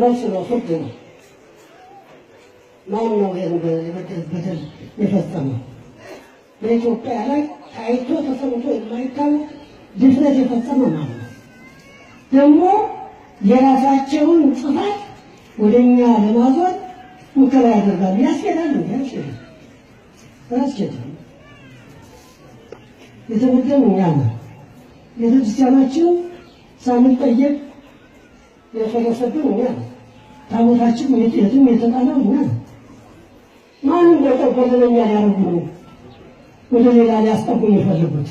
መልስ ነው፣ ፍርድ ነው። ማን ነው ይሄን በደል የፈጸመው? በኢትዮጵያ ላይ ታይቶ ተሰምቶ የማይታወቅ ድፍረት የፈጸመ ማለት ነው። ደግሞ የራሳቸውን ጥፋት ወደ እኛ ለማዞር ሙከራ ያደርጋሉ። ያስኬዳል እንዲ ያስኬዳል እኛ ነው። ቤተክርስቲያናችን ሳንጠየቅ የፈረሰብን እኛ ታቦታችን የትም የተጣለው እኛ ማንም ቆጠር በደለኛ ሊያደርጉ ወደ ሌላ ሊያስጠጉ የፈለጉት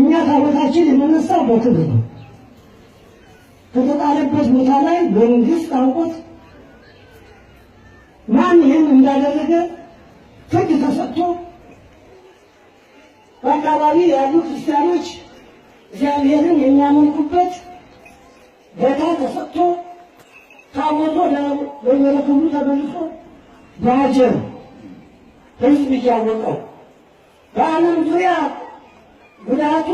እኛ ታቦታችን የምነሳው በክብር ነው። ከተጣለበት ቦታ ላይ በመንግስት አውቆት ማን ይህን እንዳደረገ ፍርድ ተሰጥቶ በአካባቢ ያሉ ክርስቲያኖች እግዚአብሔርን የሚያመልኩበት ቦታ ተሰጥቶ ታቦቱ ለመሬት ሁሉ ተመልሶ በሀጀር ህዝብ እያወቀው በዓለም ዙሪያ ጉዳቱ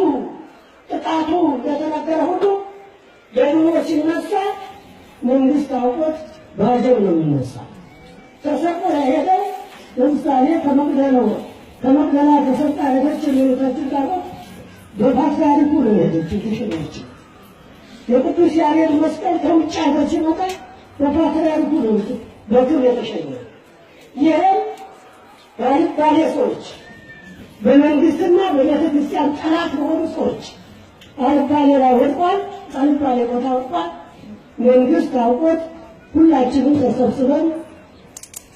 ጥቃቱ እንደተነገረ ሁሉ ደግሞ ሲነሳ መንግስት አውቆት በሀጀር ነው የሚነሳ። ተሰቆ ሄደ። ለምሳሌ ከመቅደላው ከመቅደላ ተሰጣ ሄደች። ሌሎታችን ጋር በፓትርያርኩ ነው ሄደች ሽነች የቅዱስ ያሬድ መስቀል ከውጭ ሀገር ሲመጣ በፓትርያርኩ ነው በግብ የተሸኘ። ይህም ባልባሌ ሰዎች በመንግስትና በቤተ ክርስቲያን ጠላት በሆኑ ሰዎች አልባሌ ላይ ወድቋል፣ አልባሌ ቦታ ወድቋል። መንግስት አውቆት ሁላችንም ተሰብስበን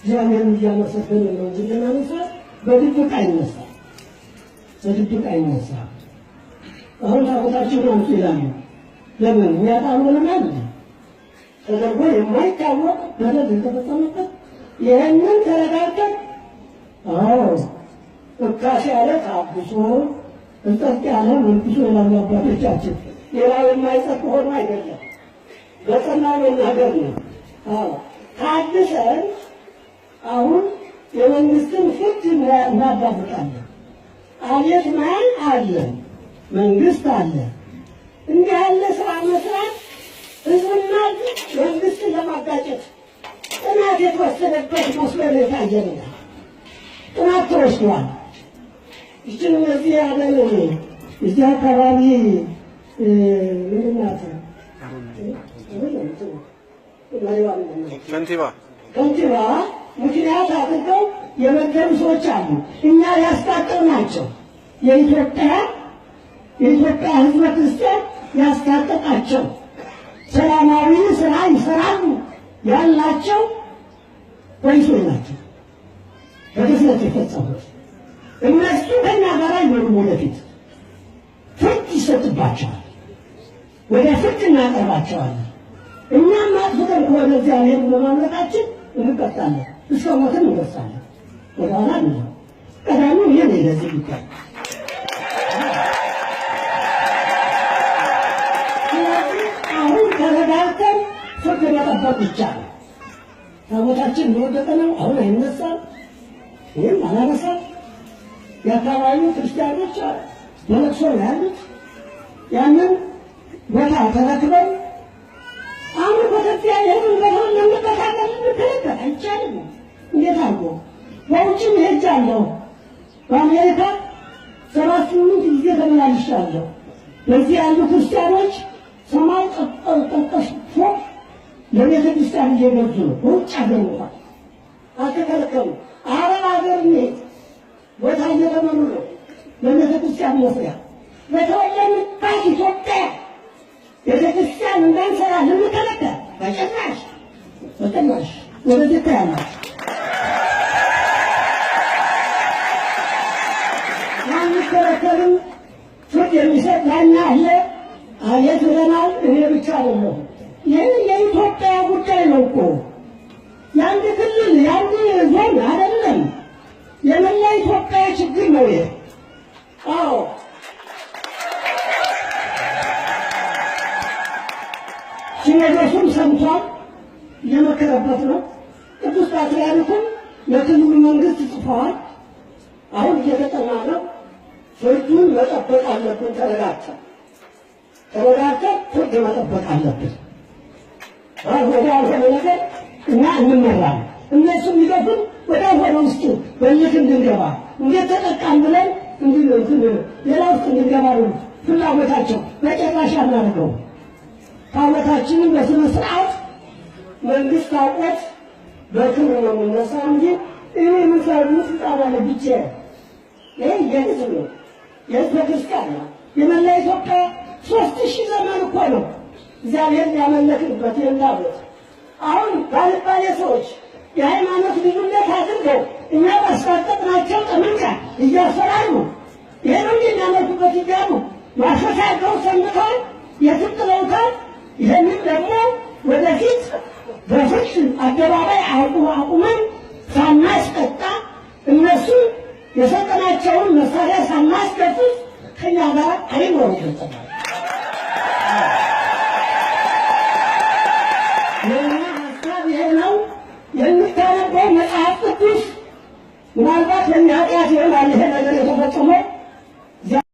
እግዚአብሔርን እያመሰገን ነው እንጂ ልናነሳ በድብቅ አይነሳ በድብቅ አይነሳ። አሁን ታቦታችሁ ነው ይላሉ ለምን የሚያጣሉ ለማለት ነው ተደርጎ የማይታወቅ በደል የተፈጸመበት ይህንን ተረጋግጠን፣ አዎ እካሽ ያለ ታብሶ እንጠጥ ያለ መንግሱ የላሉ አባቶቻችን ሌላ የማይጸጥ ሆኖ አይደለም፣ በጽና መናገር ነው። አዎ ታድሰን አሁን የመንግስትን ፍርድ እናዳምጣለን። አቤት ማን አለ? መንግስት አለ እንዲህ ያለ ስራ መስራት ህዝብና መንግስትን ለማጋጨት ጥናት የተወሰደበት መስሎን የታየንናል። ጥናት ተወስዷል። እችን እነዚህ ያለን እዚህ አካባቢ ምንናት ከንቲባ ከንቲባ ምክንያት አድርገው የመገሩ ሰዎች አሉ። እኛ ያስታጠር ናቸው የኢትዮጵያ የኢትዮጵያ ህዝበ ክርስቲያን ያስታጠቃቸው ሰላማዊ ስራ ይሰራሉ ያላቸው ወይስ ናቸው በድፍረት የፈጸሙት እነሱ ከኛ ጋር አይኖሩም። ወደፊት ፍርድ ይሰጥባቸዋል። ወደ ፍርድ እናቀርባቸዋለን። እኛም አጥፍተን ከሆነ እግዚአብሔር በማምለካችን እንቀጣለን፣ እስከ ሞትም እንደርሳለን። ወደኋላ ቀዳሚ ይህን ነው ለዚህ ጉዳይ ህግን መጠበቅ ይቻላል። ታቦታችን እንደወደቀ ነው። አሁን አይነሳም ወይም አላነሳም። የአካባቢ ክርስቲያኖች በለቅሶ ነው ያሉት። ያንን ቦታ ተረክበን አሁን በኢትዮጵያ ይህንን ቦታ ለመጠቃለን ምክልክል አይቻልም። እንዴት አርጎ በውጭም ሄጃለሁ። በአሜሪካ ሰባት ስምንት ጊዜ ተመላልሻለሁ። በዚህ ያሉ ክርስቲያኖች ሰማይ ጠቀሽ ፎቅ ለቤተክርስቲያን እየገዙ በውጭ ሀገር እንኳን አልተከለከሉ። አረብ ሀገር እንሄድ ቦታ እየተመሩ ነው። ለቤተክርስቲያን መስሪያ በተወለድንባት ኢትዮጵያ ቤተክርስቲያን እንዳንሰራ ልንከለከል በጭራሽ በጭራሽ ወደዚህ ያላችሁ የሚከለከሉ ፍርድ የሚሰጥ ያና አለ አየት ብለናል። እኔ ብቻ አይደለሁም ይህ የኢትዮጵያ ጉዳይ ነው እኮ የአንድ ክልል የአንድ ዞን አይደለም፣ የመላ ኢትዮጵያ ችግር ነው ይሄ። አዎ ሲኖዶሱም ሰምቷል፣ እየመከረበት ነው። ቅዱስ ፓትርያርኩም ለክልሉ መንግስት ጽፈዋል። አሁን እየተጠና ነው። ፍርዱን መጠበቅ አለብን። ተረጋግተን ተረጋግተን ፍርድ መጠበቅ አለብን። ወደ አልሆነ ነገር እና እንመራ እነሱ የሚገፉን ወደ አልሆነ ውስጡ በየት እንድንገባ እንዴት ተጠቃም ብለን ሌላ ውስጥ እንድንገባ ነው ፍላጎታቸው። በጨራሽ አናድርገው። ታቦታችንን በስነ ስርዓት መንግስት አውቆት በክብር ነው የምነሳው እንጂ እኔ የምንሰሩ ስልጣን አለ ይህ የህዝብ ነው፣ የህዝበ ክርስቲያን ነው፣ የመላ ኢትዮጵያ ሶስት ሺህ ዘመን እኮ ነው እግዚአብሔርን ያመለክንበት የናበት አሁን ባልባሌ ሰዎች የሃይማኖት ልዩነት አድርገው እኛ ባስታጠቅናቸው ጠመንጃ እያፈራሉ ይህን እንዲ የሚያመልኩበት እያሉ ማሸሻገው ሰንተው የትን ጥለውታል። ይህንን ደግሞ ወደፊት በፍጹም አደባባይ አቁመን ሳናስቀጣ እነሱ የሰጠናቸውን መሳሪያ ሳናስከፍት ከኛ ጋር አይኖሩ ይፈጸማል።